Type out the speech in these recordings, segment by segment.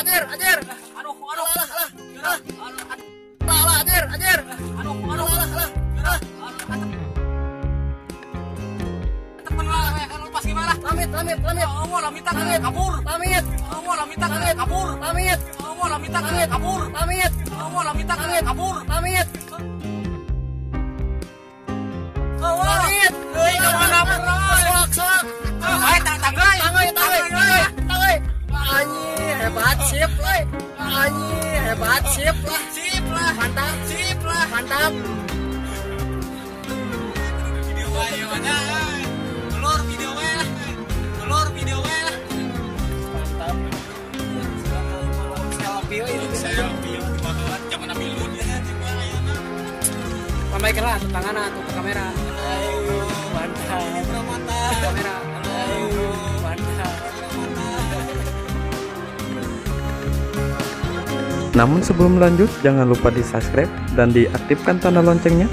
anjir, anjir. Aduh, aduh, alah, alah, alah. Alah, alah, anjir, Aduh, aduh, alah, alah. Alah. Temen lah, kalau lepas gimana? Lamit, lamit, lamit. Ya Allah, lamitan, kan lamit, kabur. Lamit. Ya Allah, lamitan, kan lamit, kabur. Lamit. Ya Allah, lamitan, kan lamit, kabur. Lamit. Allah, lamitan, lamit, kabur. Lamit. anjing hebat sip lah sip lah mantap sip lah mantap video ayo ada ya. telur video lah telur video lah mantap selfie ini selfie di bakalan zaman ambilun ya sampai keras tangan atau ke kamera ayo mantap kamera Namun sebelum lanjut, jangan lupa di subscribe dan diaktifkan tanda loncengnya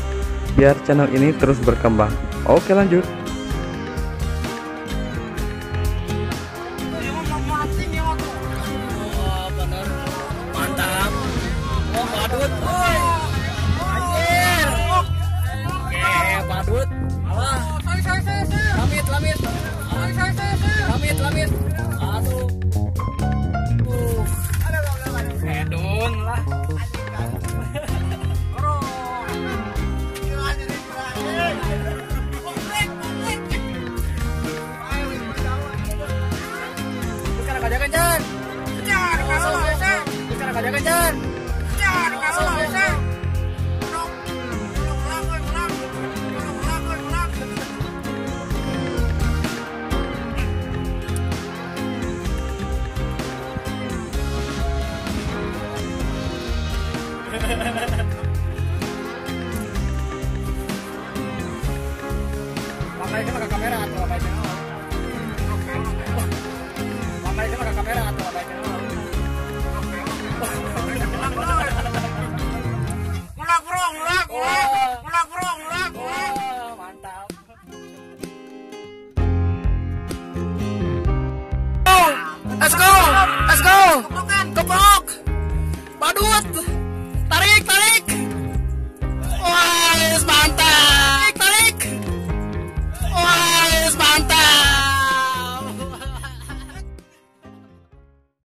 biar channel ini terus berkembang. Oke lanjut. Mantap. Oh, Lamit, lamit. kadakan Jan kejar kalau kalau Pakai kamera atau apa aja? Let's go, let's go. Gebok. Badut. Tarik, tarik.